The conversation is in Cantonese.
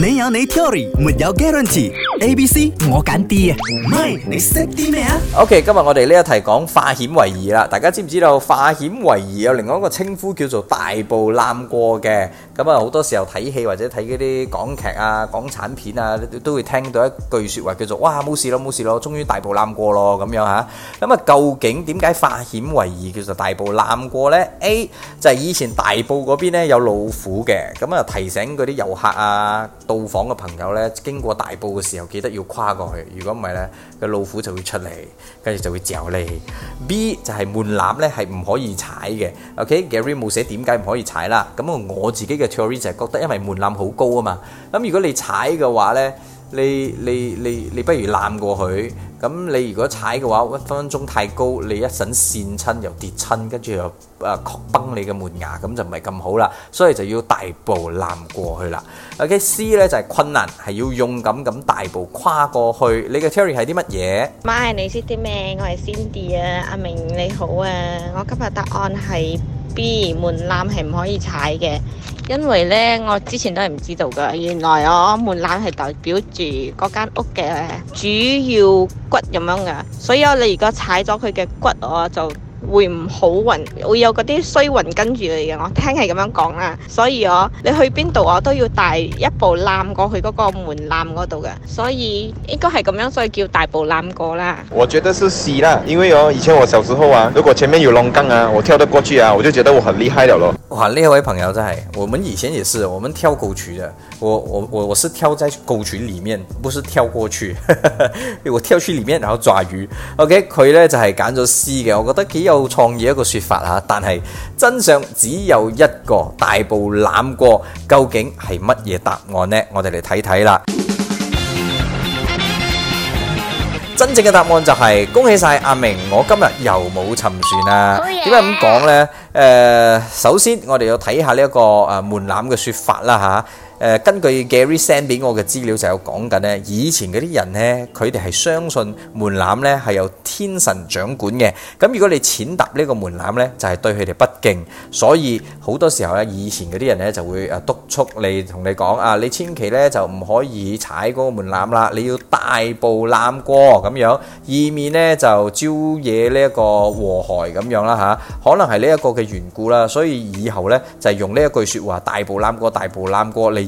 你有你 theory，沒有 guarantee。A、B、C 我揀 D 啊！唔係，你識啲咩啊？O.K. 今日我哋呢一題講化險為夷啦。大家知唔知道化險為夷有另外一個稱呼叫做大步檻過嘅？咁啊，好多時候睇戲或者睇嗰啲港劇啊、港產片啊，都會聽到一句說話叫做：哇，冇事咯，冇事咯，終於大步檻過咯，咁樣吓。咁啊，究竟點解化險為夷叫做大步檻過呢？A 就係以前大埔嗰邊呢有老虎嘅，咁啊提醒嗰啲遊客啊。到訪嘅朋友呢，經過大步嘅時候，記得要跨過去。如果唔係呢，個老虎就會出嚟，跟住就會嚼你。B 就係門檻呢，係唔可以踩嘅。OK，Gary、okay? 冇寫點解唔可以踩啦。咁我自己嘅 theory 就係覺得，因為門檻好高啊嘛。咁如果你踩嘅話呢？你你你你不如檻過去，咁你如果踩嘅話，分分鐘太高，你一陣跣親又跌親，跟住又誒崩你嘅門牙，咁就唔係咁好啦。所以就要大步檻過去啦。OK C 咧就係、是、困難，係要勇敢咁大步跨過去。你嘅 theory 係啲乜嘢？MY，你識啲咩？我係 Cindy 啊，阿明你好啊，我今日答案係。B, 門檻係唔可以踩嘅，因為咧我之前都係唔知道噶，原來我門檻係代表住嗰間屋嘅主要骨咁樣嘅，所以我你如果踩咗佢嘅骨，我就。會唔好運，會有嗰啲衰運跟住你嘅，我聽係咁樣講啦。所以哦，你去邊度我都要大步攬過去嗰個門檻嗰度噶。所以應該係咁樣，所以叫大步攬過啦。我覺得是 C 啦，因為哦，以前我小時候啊，如果前面有欄杆啊，我跳得過去啊，我就覺得我很厲害了咯。還呢位朋友真係，我們以前也是，我們跳溝渠嘅。我我我我是跳在溝渠裏面，不是跳過去。 我跳去裏面然後抓魚。OK，佢咧就係揀咗 C 嘅，我覺得佢有。到創意一個説法嚇，但係真相只有一個大步檻過，究竟係乜嘢答案呢？我哋嚟睇睇啦。 真正嘅答案就係、是、恭喜晒阿明，我今日又冇沉船啦。點解咁講呢？誒、呃，首先我哋要睇下呢一個誒門檻嘅説法啦嚇。根據 Gary send 俾我嘅資料就有講緊咧，以前嗰啲人呢，佢哋係相信門檻呢係由天神掌管嘅。咁如果你踐踏呢個門檻呢，就係、是、對佢哋不敬。所以好多時候呢，以前嗰啲人呢就會督促你同你講啊，你千祈呢，就唔可以踩嗰個門檻啦，你要大步檻過咁樣，以免呢就招惹呢一個禍害咁樣啦嚇。可能係呢一個嘅緣故啦，所以以後呢，就用呢一句説話：大步檻過，大步檻過嚟。